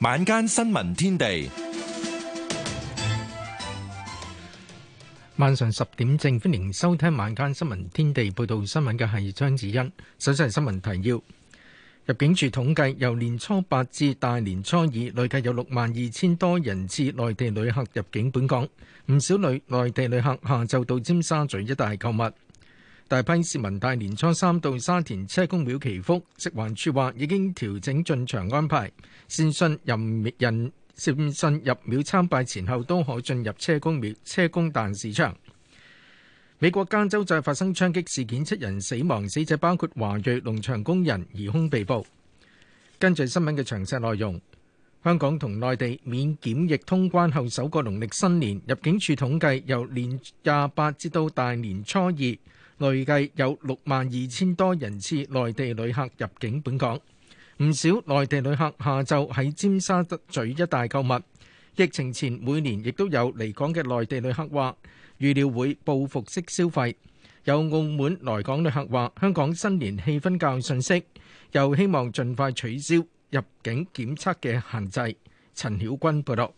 晚間新聞天地，晚上十點正歡迎收聽晚間新聞天地報道新聞嘅係張子欣。首先係新聞提要，入境處統計，由年初八至大年初二，累計有六萬二千多人次內地旅客入境本港，唔少女內地旅客下晝到尖沙咀一帶購物。大批市民大年初三到沙田車公廟祈福。食環署話已經調整進場安排，善信任人善信入廟參拜前後都可進入車公廟車公誕市場。美國加州再發生槍擊事件，七人死亡，死者包括華裔農場工人，疑凶被捕。跟住新聞嘅詳細內容，香港同內地免檢疫通關後首個農曆新年入境處統計由年廿八至到大年初二。累計有六萬二千多人次內地旅客入境本港，唔少內地旅客下晝喺尖沙咀一帶購物。疫情前每年亦都有嚟港嘅內地旅客話預料會報復式消費，有澳門來港旅客話香港新年氣氛較遜色，又希望盡快取消入境檢測嘅限制。陳曉君報道。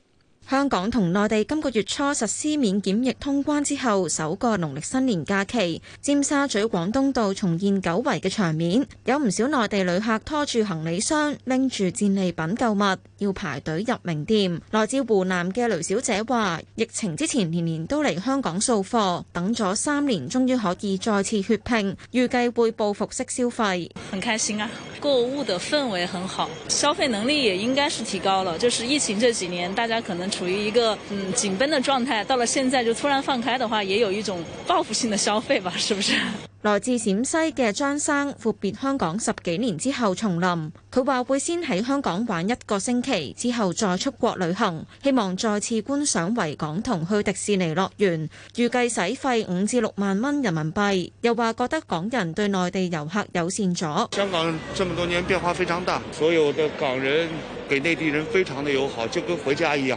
香港同內地今個月初實施免檢疫通關之後，首個農曆新年假期，尖沙咀廣東道重現久違嘅場面，有唔少內地旅客拖住行李箱拎住戰利品購物。要排隊入名店。來自湖南嘅雷小姐話，疫情之前年年都嚟香港掃貨，等咗三年，終於可以再次血拼，預計會報復式消費。很開心啊，購物的氛圍很好，消費能力也應該是提高了。就是疫情這幾年，大家可能處於一個嗯緊繃的狀態，到了現在就突然放開的話，也有一種報復性的消費吧，是不是？來自陝西嘅張生闊別香港十幾年之後重臨，佢話會先喺香港玩一個星期，之後再出國旅行，希望再次觀賞維港同去迪士尼樂園，預計使費五至六萬蚊人民幣。又話覺得港人對內地遊客友善咗。香港這麼多年變化非常大，所有的港人給內地人非常的友好，就跟回家一樣。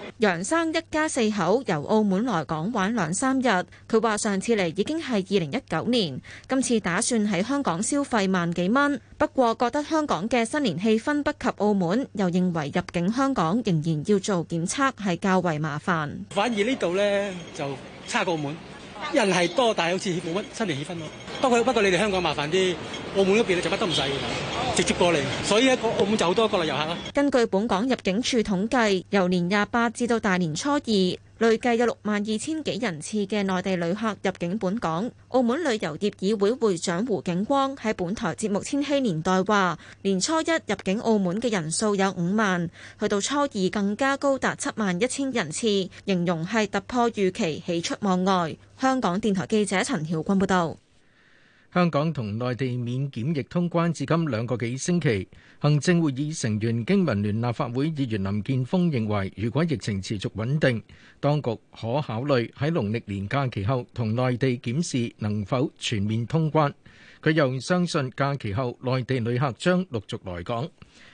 楊生一家四口由澳門來港玩兩三日，佢話上次嚟已經係二零一九年，今次打算喺香港消費萬幾蚊，不過覺得香港嘅新年氣氛不及澳門，又認為入境香港仍然要做檢測係較為麻煩。反而呢度呢，就差過澳門。人係多，但係好似冇乜新年氣氛咯。不過不過，你哋香港麻煩啲，澳門嗰邊咧就乜都唔使嘅，直接過嚟，所以咧澳門就好多國內遊客咯。根據本港入境處統計，由年廿八至到大年初二，累計有六萬二千幾人次嘅內地旅客入境本港。澳門旅遊業議會會長胡景光喺本台節目《千禧年代》話：年初一入境澳門嘅人數有五萬，去到初二更加高達七萬一千人次，形容係突破預期，喜出望外。香港電台記者陳曉君報導。香港同內地免檢疫通關至今兩個幾星期，行政會議成員、經民聯立法會議員林建峰認為，如果疫情持續穩定，當局可考慮喺農曆年假期後同內地檢視能否全面通關。佢又相信假期後內地旅客將陸續來港。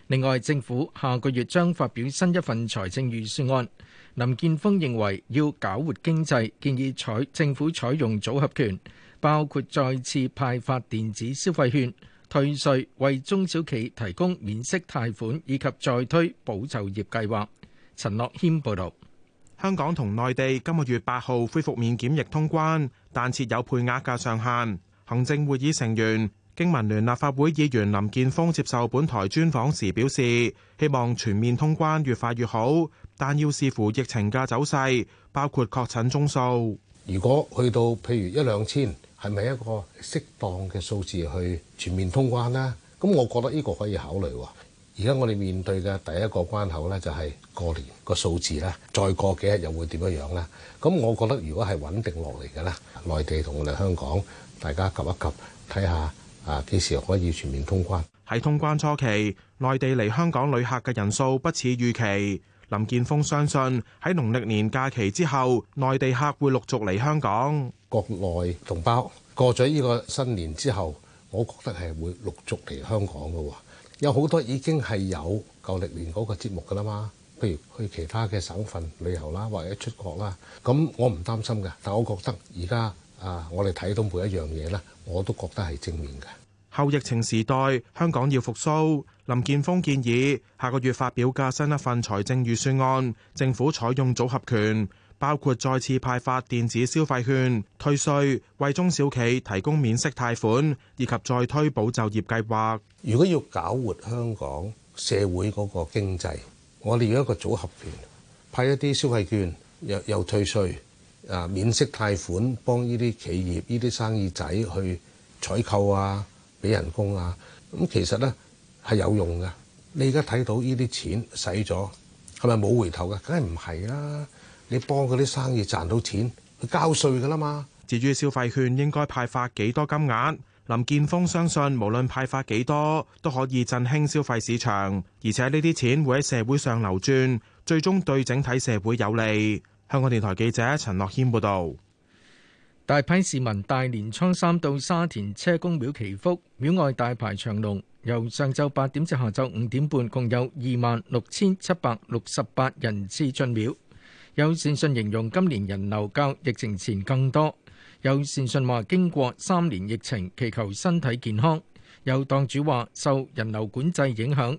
另外，政府下個月將發表新一份財政預算案，林建峰認為要搞活經濟，建議採政府採用組合拳。包括再次派發電子消費券、退稅、為中小企提供免息貸款，以及再推保就業計劃。陳樂軒報導。香港同內地今個月八號恢復免檢疫通關，但設有配額嘅上限。行政會議成員、經民聯立法會議員林建峰接受本台專訪時表示，希望全面通關越快越好，但要視乎疫情嘅走勢，包括確診宗數。如果去到譬如一兩千，係咪一個適當嘅數字去全面通關咧？咁我覺得呢個可以考慮喎。而家我哋面對嘅第一個關口呢，就係過年個數字咧，再過幾日又會點樣樣呢？咁我覺得如果係穩定落嚟嘅咧，內地同我哋香港大家及一及，睇下啊幾時可以全面通關。喺通關初期，內地嚟香港旅客嘅人數不似預期。林健鋒相信喺農曆年假期之後，內地客會陸續嚟香港。國內同胞過咗呢個新年之後，我覺得係會陸續嚟香港噶喎。有好多已經係有舊歷年嗰個節目噶啦嘛，譬如去其他嘅省份旅遊啦，或者出國啦。咁我唔擔心嘅，但係我覺得而家啊，我哋睇到每一樣嘢咧，我都覺得係正面嘅。後疫情時代，香港要復甦。林健鋒建議下個月發表嘅新一份財政預算案，政府採用組合權，包括再次派發電子消費券、退稅，為中小企提供免息貸款，以及再推保就業計劃。如果要搞活香港社會嗰個經濟，我哋要一個組合權，派一啲消費券，又又退稅，啊免息貸款，幫呢啲企業呢啲生意仔去採購啊。俾人工啊！咁其實呢係有用嘅。你而家睇到呢啲錢使咗，係咪冇回頭嘅？梗係唔係啦！你幫嗰啲生意賺到錢，佢交稅嘅啦嘛。至於消費券應該派發幾多金額，林健鋒相信無論派發幾多都可以振興消費市場，而且呢啲錢會喺社會上流轉，最終對整體社會有利。香港電台記者陳樂軒報導。大批市民大年初三到沙田車公廟祈福，廟外大排長龍。由上晝八點至下晝五點半，共有二萬六千七百六十八人次進廟。有善信形容今年人流較疫情前更多。有善信話，經過三年疫情，祈求身體健康。有檔主話，受人流管制影響，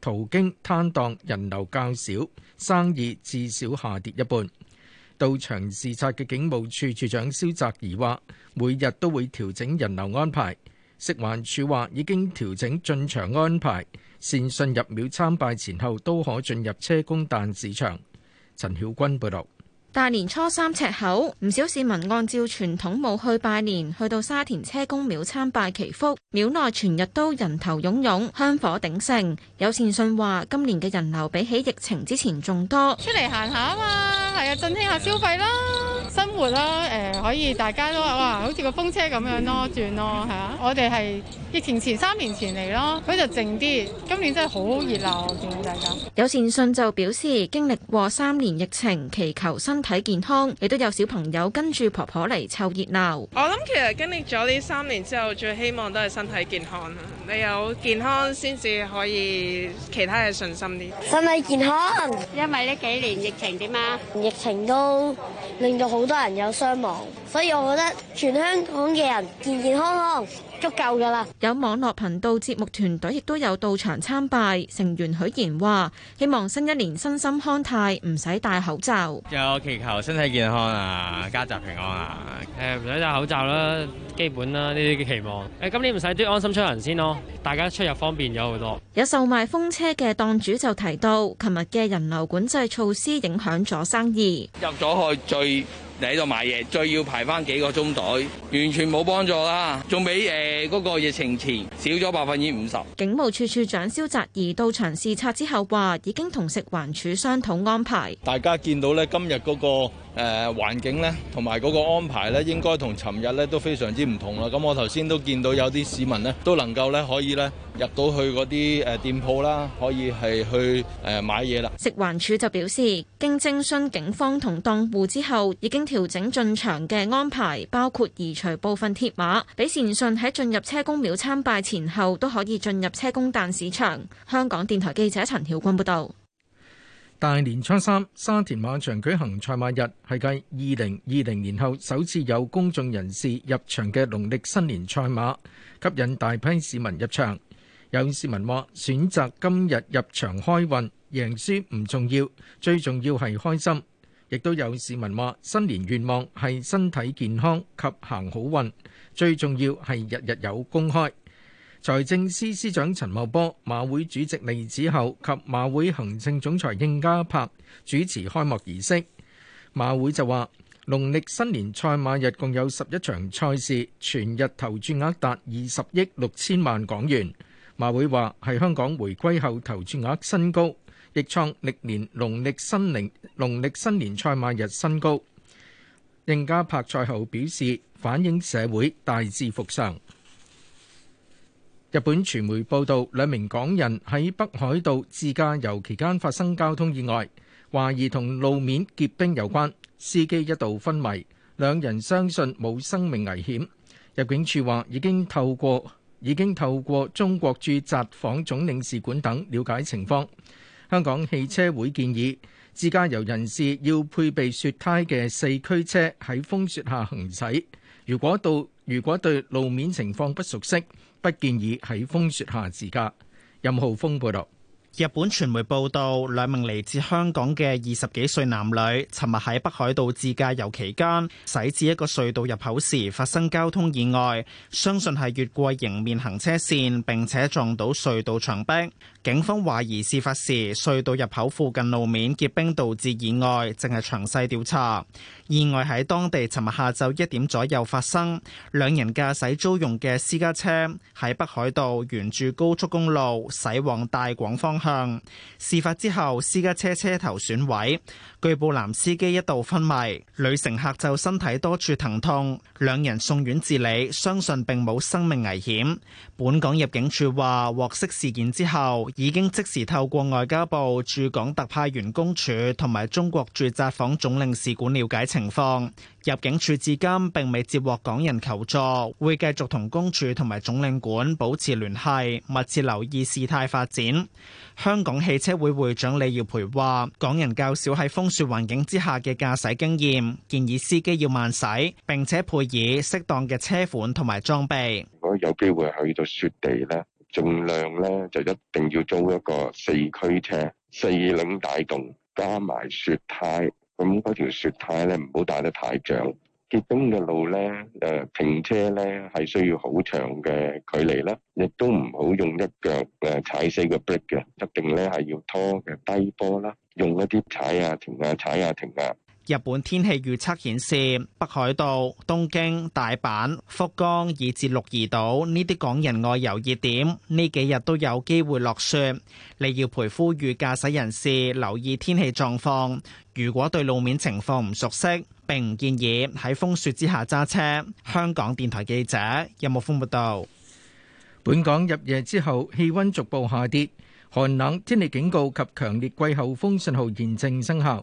途經攤檔人流較少，生意至少下跌一半。到場視察嘅警務處處長蕭澤頤話，每日都會調整人流安排。食環署話已經調整進場安排，善信入廟參拜前後都可進入車公誕市場。陳曉君報道。大年初三赤口，唔少市民按照傳統冇去拜年，去到沙田車公廟參拜祈福，廟內全日都人頭湧湧，香火鼎盛。有善信話：今年嘅人流比起疫情之前仲多，出嚟行下啊嘛，係啊，振興下消費啦。生活啦，誒、呃、可以大家都哇，好似個風車咁樣咯，轉咯，係啊！我哋係疫情前三年前嚟咯，佢就靜啲。今年真係好熱鬧，見到大家。有善信就表示經歷過三年疫情，祈求身體健康，亦都有小朋友跟住婆婆嚟湊熱鬧，我諗其實經歷咗呢三年之後最希望都係身體健康。你有健康先至可以其他嘅信心啲。身體健康，因為呢幾年疫情點啊？疫情都令到好。好多人有傷亡。所以我覺得全香港嘅人健健康康，足夠噶啦。有網絡頻道節目團隊亦都有到場參拜。成員許賢話：希望新一年身心康泰，唔使戴口罩。有祈求身體健康啊，家宅平安啊，呃，唔使戴口罩啦，啊，基本啦呢啲期望。誒、呃，今年唔使都安心出行先咯，大家出入方便咗好多。有售賣風車嘅檔主就提到，琴日嘅人流管制措施影響咗生意。入咗去最你喺度買嘢，最要排。翻幾個鐘隊，完全冇幫助啦，仲比誒嗰個疫情前少咗百分之五十。警務處處長蕭澤頤到場視察之後話，已經同食環署商討安排。大家見到咧，今日嗰個。誒、呃、環境咧，同埋嗰個安排咧，應該同尋日咧都非常之唔同啦。咁、嗯、我頭先都見到有啲市民咧，都能夠咧可以咧入到去嗰啲誒店鋪啦，可以係去誒、呃、買嘢啦。食環署就表示，經徵詢警方同檔戶之後，已經調整進場嘅安排，包括移除部分鐵馬，俾善信喺進入車公廟參拜前後都可以進入車公誕市場。香港電台記者陳曉君報道。大年初三，沙田馬場舉行賽馬日，係繼二零二零年後首次有公眾人士入場嘅農曆新年賽馬，吸引大批市民入場。有市民話：選擇今日入場開運，贏輸唔重要，最重要係開心。亦都有市民話：新年願望係身體健康及行好運，最重要係日日有工開。財政司司長陳茂波、馬會主席利子厚及馬會行政總裁應家柏主持開幕儀式。馬會就話，農曆新年賽馬日共有十一場賽事，全日投注額達二十億六千萬港元。馬會話係香港回歸後投注額新高，亦創歷年農曆新年農曆新年賽馬日新高。應家柏賽後表示，反映社會大致復常。日本傳媒報道，兩名港人喺北海道自駕遊期間發生交通意外，懷疑同路面結冰有關，司機一度昏迷，兩人相信冇生命危險。入境處話已經透過已經透過中國駐札幌總領事館等了解情況。香港汽車會建議自駕遊人士要配備雪胎嘅四驅車喺風雪下行駛，如果到如果對路面情況不熟悉。不建議喺風雪下自駕。任浩峰報道。日本傳媒報道，兩名嚟自香港嘅二十幾歲男女，尋日喺北海道自駕遊期間，駛至一個隧道入口時發生交通意外。相信係越過迎面行車線，並且撞到隧道牆壁。警方懷疑事發時隧道入口附近路面結冰導致意外，正係詳細調查。意外喺當地尋日下晝一點左右發生，兩人駕駛租用嘅私家車喺北海道沿住高速公路駛往大廣方向。事發之後，私家車車頭損毀，據報男司機一度昏迷，女乘客就身體多處疼痛，兩人送院治理，相信並冇生命危險。本港入境處話，獲悉事件之後，已經即時透過外交部駐港特派員公署同埋中國駐札幌總領事館了解情況。入境處至今並未接獲港人求助，會繼續同公署同埋總領館保持聯繫，密切留意事態發展。香港汽車會會長李耀培話，港人較少喺風雪環境之下嘅駕駛經驗，建議司機要慢駛，並且配以適當嘅車款同埋裝備。如果有機會去到雪地呢，儘量呢就一定要租一個四驅車、四輪帶動加埋雪胎。咁嗰條雪胎咧，唔好帶得太長。結冰嘅路咧，誒，停車咧係需要好長嘅距離啦。亦都唔好用一腳誒踩死個 brake 嘅，一定咧係要拖嘅低波啦，用一啲踩下、啊、停下、啊，踩下、啊、停下、啊。日本天氣預測顯示，北海道、東京、大阪、福岡以至鹿兒島呢啲港人外遊熱點呢幾日都有機會落雪。李耀培呼籲駕駛人士留意天氣狀況，如果對路面情況唔熟悉，並唔建議喺風雪之下揸車，香港電台記者任木峰報道。本港入夜之後氣溫逐步下跌，寒冷天氣警告及強烈季候風信號現正生效。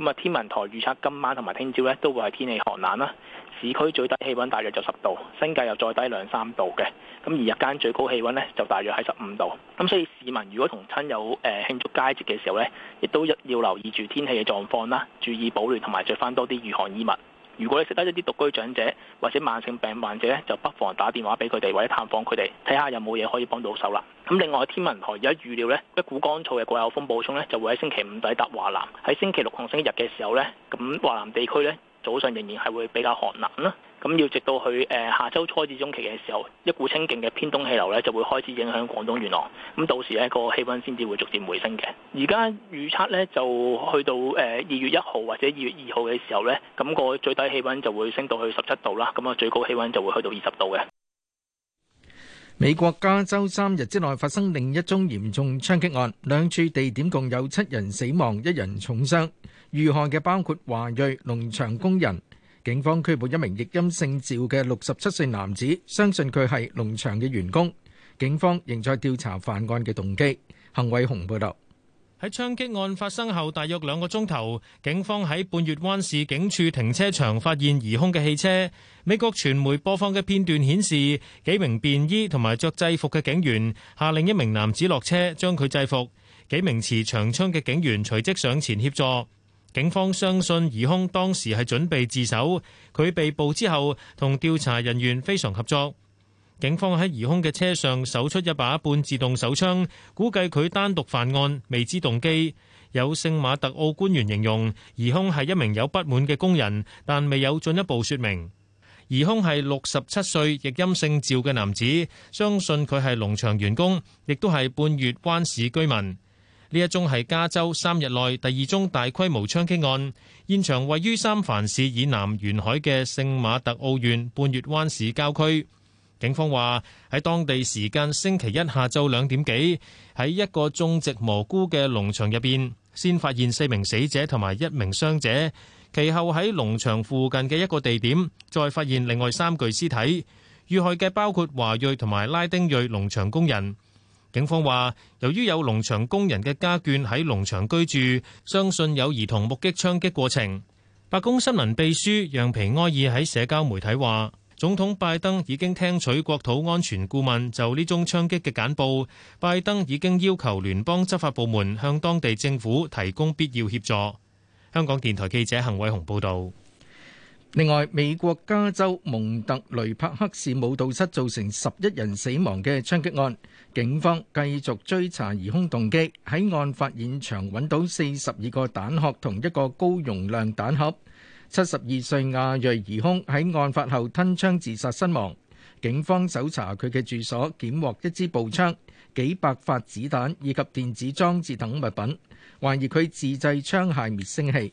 咁啊，天文台預測今晚同埋聽朝咧都會係天氣寒冷啦，市區最低氣溫大約就十度，新界又再低兩三度嘅，咁而日間最高氣溫咧就大約喺十五度，咁所以市民如果同親友誒慶祝佳節嘅時候咧，亦都要留意住天氣嘅狀況啦，注意保暖同埋着翻多啲御寒衣物。如果你識得一啲獨居長者或者慢性病患者咧，就不妨打電話俾佢哋或者探訪佢哋，睇下有冇嘢可以幫到手啦。咁另外天文台而家預料呢，一股乾燥嘅季候風補充咧就會喺星期五抵達華南，喺星期六同星期日嘅時候呢，咁華南地區呢，早上仍然係會比較寒冷啦。咁要直到佢誒下週初至中期嘅時候，一股清勁嘅偏東氣流咧就會開始影響廣東沿岸，咁到時咧個氣温先至會逐漸回升嘅。而家預測咧就去到誒二月一號或者二月二號嘅時候咧，咁個最低氣温就會升到去十七度啦，咁啊最高氣温就會去到二十度嘅。美國加州三日之內發生另一宗嚴重槍擊案，兩處地點共有七人死亡，一人重傷，遇害嘅包括華裔農場工人。警方拘捕一名亦音姓趙嘅六十七歲男子，相信佢係農場嘅員工。警方仍在調查犯案嘅動機。彭偉雄報道：喺槍擊案發生後大約兩個鐘頭，警方喺半月灣市警署停車場發現疑兇嘅汽車。美國傳媒播放嘅片段顯示，幾名便衣同埋着制服嘅警員下令一名男子落車，將佢制服。幾名持長槍嘅警員隨即上前協助。警方相信疑凶當時係準備自首，佢被捕之後同調查人員非常合作。警方喺疑凶嘅車上搜出一把半自動手槍，估計佢單獨犯案，未知動機。有聖馬特奧官員形容疑凶係一名有不滿嘅工人，但未有進一步說明。疑凶係六十七歲，譯音姓趙嘅男子，相信佢係農場員工，亦都係半月灣市居民。呢一宗係加州三日內第二宗大規模槍擊案，現場位於三藩市以南沿海嘅聖馬特奧縣半月灣市郊區。警方話喺當地時間星期一下晝兩點幾，喺一個種植蘑菇嘅農場入邊，先發現四名死者同埋一名傷者。其後喺農場附近嘅一個地點，再發現另外三具屍體。遇害嘅包括華裔同埋拉丁裔農場工人。警方話，由於有農場工人嘅家眷喺農場居住，相信有兒童目擊槍擊過程。白宮新聞秘書楊皮埃爾喺社交媒體話，總統拜登已經聽取國土安全顧問就呢宗槍擊嘅簡報，拜登已經要求聯邦執法部門向當地政府提供必要協助。香港電台記者陳偉雄報導。另外，美國加州蒙特雷柏克市舞蹈室造成十一人死亡嘅槍擊案，警方繼續追查疑兇動機。喺案發現場揾到四十二個彈殼同一個高容量彈盒。七十二歲亞裔疑兇喺案發後吞槍自殺身亡。警方搜查佢嘅住所，檢獲一支步槍、幾百發子彈以及電子裝置等物品，懷疑佢自製槍械滅聲器。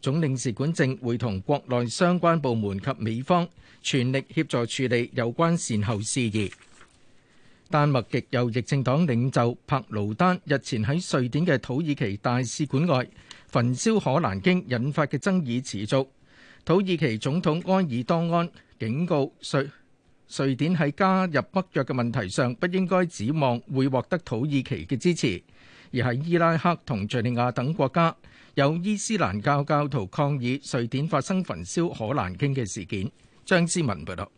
總領事館正會同國內相關部門及美方全力協助處理有關善後事宜。丹麥極右翼政黨領袖帕勞丹日前喺瑞典嘅土耳其大使館外焚燒可蘭經，引發嘅爭議持續。土耳其總統安爾多安警告，瑞瑞典喺加入北約嘅問題上，不應該指望會獲得土耳其嘅支持，而係伊拉克同敘利亞等國家。有伊斯蘭教教徒抗議，瑞典發生焚燒可蘭經嘅事件。張思文報道。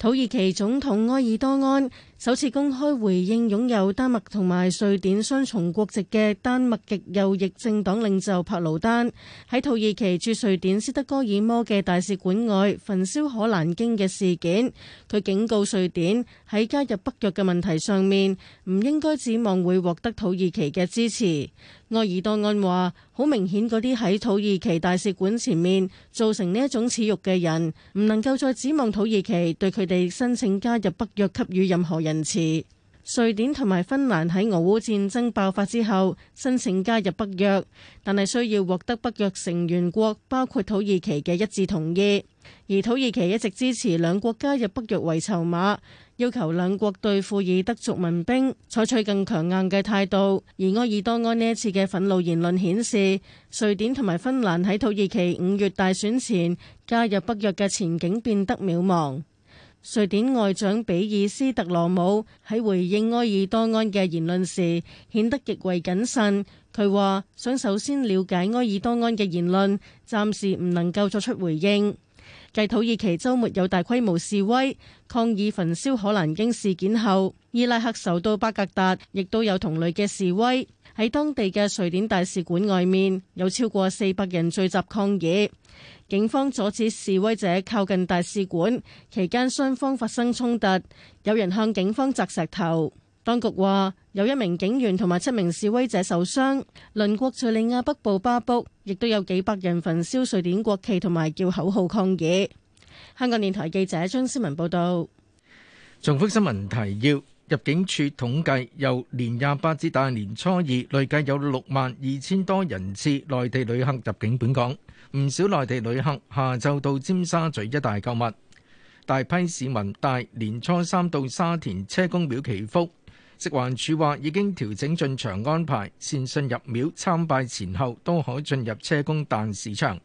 土耳其總統埃爾多安。首次公開回應擁有丹麥同埋瑞典雙重國籍嘅丹麥極右翼政黨領袖帕盧丹喺土耳其駐瑞典斯德哥爾摩嘅大使館外焚燒可蘭經嘅事件，佢警告瑞典喺加入北約嘅問題上面唔應該指望會獲得土耳其嘅支持。埃爾多安話：好明顯嗰啲喺土耳其大使館前面造成呢一種恥辱嘅人，唔能夠再指望土耳其對佢哋申請加入北約給予任何人。人次，瑞典同埋芬蘭喺俄烏戰爭爆發之後申請加入北約，但係需要獲得北約成員國包括土耳其嘅一致同意。而土耳其一直支持兩國加入北約為籌碼，要求兩國對庫爾德族民兵採取更強硬嘅態度。而埃爾多安呢一次嘅憤怒言論顯示，瑞典同埋芬蘭喺土耳其五月大選前加入北約嘅前景變得渺茫。瑞典外長比爾斯特羅姆喺回應埃爾多安嘅言論時，顯得極為謹慎。佢話想首先了解埃爾多安嘅言論，暫時唔能夠作出回應。繼土耳其周末有大規模示威，抗議焚燒可蘭經事件後，伊拉克首都巴格達亦都有同類嘅示威。喺當地嘅瑞典大使館外面，有超過四百人聚集抗議。警方阻止示威者靠近大使館，期間雙方發生衝突，有人向警方砸石頭。當局話有一名警員同埋七名示威者受傷。鄰國敘利亞北部巴卜亦都有幾百人焚燒瑞典國旗同埋叫口號抗議。香港電台記者張思文報道。重複新聞提要：入境處統計，由年廿八至大年初二，累計有六萬二千多人次內地旅客入境本港。唔少內地旅客下晝到尖沙咀一帶購物，大批市民大年初三到沙田車公廟祈福。食環署話已經調整進場安排，善信入廟參拜前後都可進入車公誕市場。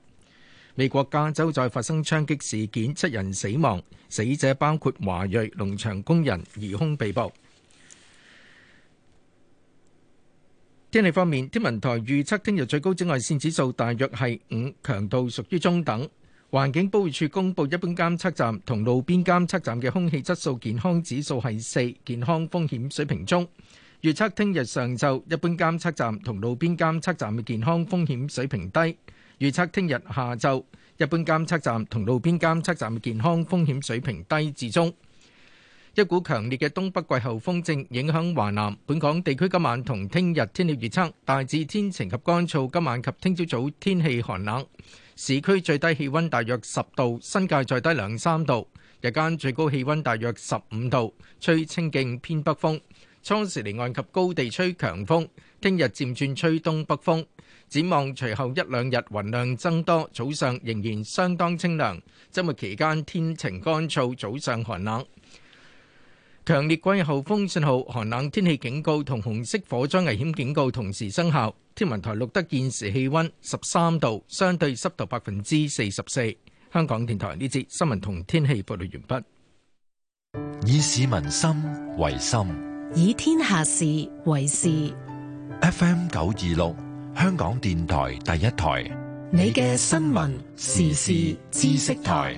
美國加州再發生槍擊事件，七人死亡，死者包括華裔農場工人，疑兇被捕。天氣方面，天文台預測聽日最高紫外線指數大約係五，強度屬於中等。環境保護署公布一般監測站同路邊監測站嘅空氣質素健康指數係四，健康風險水平中。預測聽日上晝一般監測站同路邊監測站嘅健康風險水平低。預測聽日下晝一般監測站同路邊監測站嘅健康風險水平低至中。一股強烈嘅東北季候風正影響華南本港地區，今晚同聽日天氣預測大致天晴及乾燥。今晚及聽朝早，早天氣寒冷，市區最低氣温大約十度，新界再低兩三度。日間最高氣温大約十五度，吹清勁偏北風。初時離岸及高地吹強風。聽日漸轉吹東北風。展望隨後一兩日雲量增多，早上仍然相當清涼。周末期間天晴乾燥，早上寒冷。強烈季候風信號、寒冷天氣警告，同紅色火災危險警告同時生效。天文台錄得現時氣温十三度，相對濕度百分之四十四。香港電台呢節新聞同天氣報道完畢。以市民心為心，以天下事為事。F M 九二六，香港電台第一台，你嘅新聞時事知識台。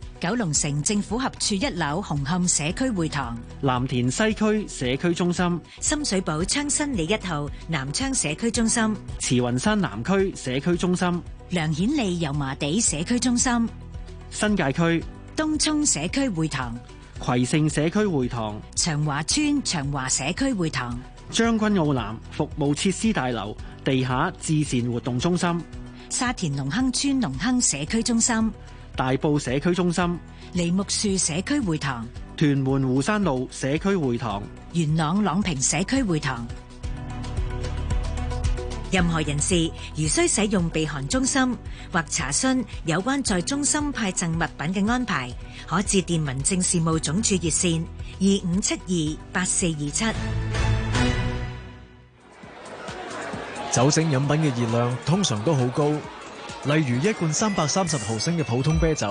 九龍城政府合署一樓紅磡社區會堂、藍田西區社區中心、深水埗昌新里一號南昌社區中心、慈雲山南區社區中心、梁顯利油麻地社區中心、新界區東涌社區會堂、葵盛社區會堂、長華邨長華社區會堂、將軍澳南服務設施大樓地下至善活動中心、沙田隆亨村隆亨社區中心。大埔社區中心、梨木樹社區會堂、屯門湖山路社區會堂、元朗朗屏社區會堂，任何人士如需使用避寒中心或查詢有關在中心派贈物品嘅安排，可致電民政事務總署熱線二五七二八四二七。酒精飲品嘅熱量通常都好高。例如一罐三百三十毫升嘅普通啤酒，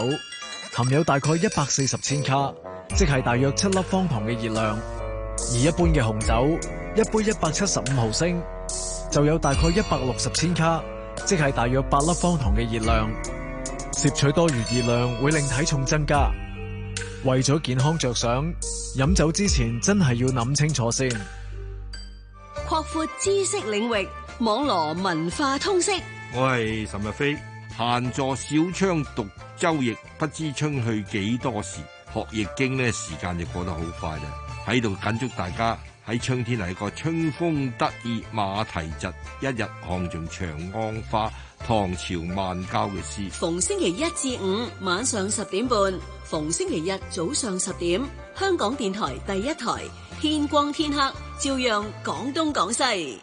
含有大概一百四十千卡，即係大約七粒方糖嘅熱量；而一般嘅紅酒，一杯一百七十五毫升，就有大概一百六十千卡，即係大約八粒方糖嘅熱量。攝取多餘熱量會令體重增加。為咗健康着想，飲酒之前真係要諗清楚先。擴闊知識領域，網羅文化通識。我係岑逸飛，閒坐小窗讀周易，不知春去幾多時。學易經呢時間就過得好快啦。喺度謹祝大家喺春天嚟個春風得意馬蹄疾，一日看盡長安花。唐朝孟郊嘅詩。逢星期一至五晚上十點半，逢星期日早上十點，香港電台第一台，天光天黑，照樣講東講西。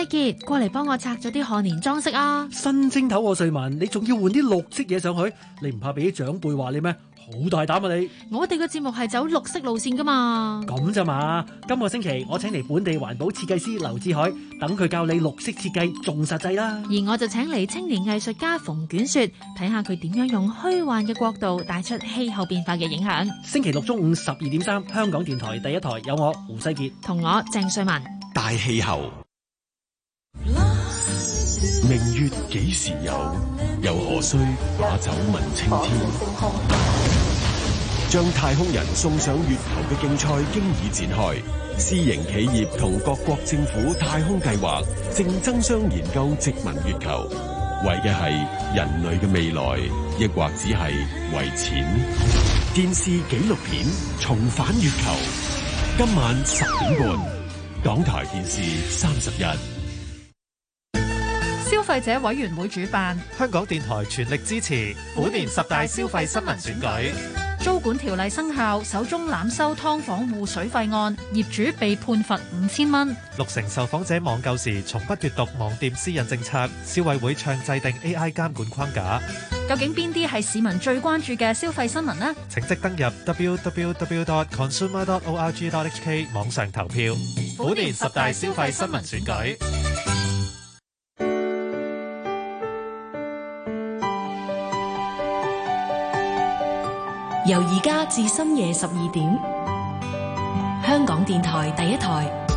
細杰，過嚟幫我拆咗啲賀年裝飾啊！新正頭我瑞文，你仲要換啲綠色嘢上去？你唔怕俾啲長輩話你咩？好大膽啊你！我哋嘅節目係走綠色路線噶嘛？咁咋嘛？今個星期我請嚟本地環保設計師劉志海，等佢教你綠色設計，重實際啦。而我就請嚟青年藝術家馮卷雪，睇下佢點樣用虛幻嘅角度帶出氣候變化嘅影響。星期六中午十二點三，3，香港電台第一台有我胡世杰同我鄭瑞文，大氣候。幾時有？又何須把酒問青天？將太空人送上月球嘅競賽經已展開，私營企業同各國政府太空計劃正爭相研究殖民月球，為嘅係人類嘅未來，亦或只係為錢？電視紀錄片《重返月球》，今晚十點半，港台電視三十日。消費者委員會主辦，香港電台全力支持。虎年十大消費新聞選舉。租管條例生效，首宗濫收劏房戶水費案，業主被判罰五千蚊。六成受訪者網購時從不閱讀網店私隱政策。消委會倡制定 AI 監管框架。究竟邊啲係市民最關注嘅消費新聞呢？請即登入 www.consumer.org.hk 網上投票。虎年十大消費新聞選舉。由而家至深夜十二點，香港電台第一台。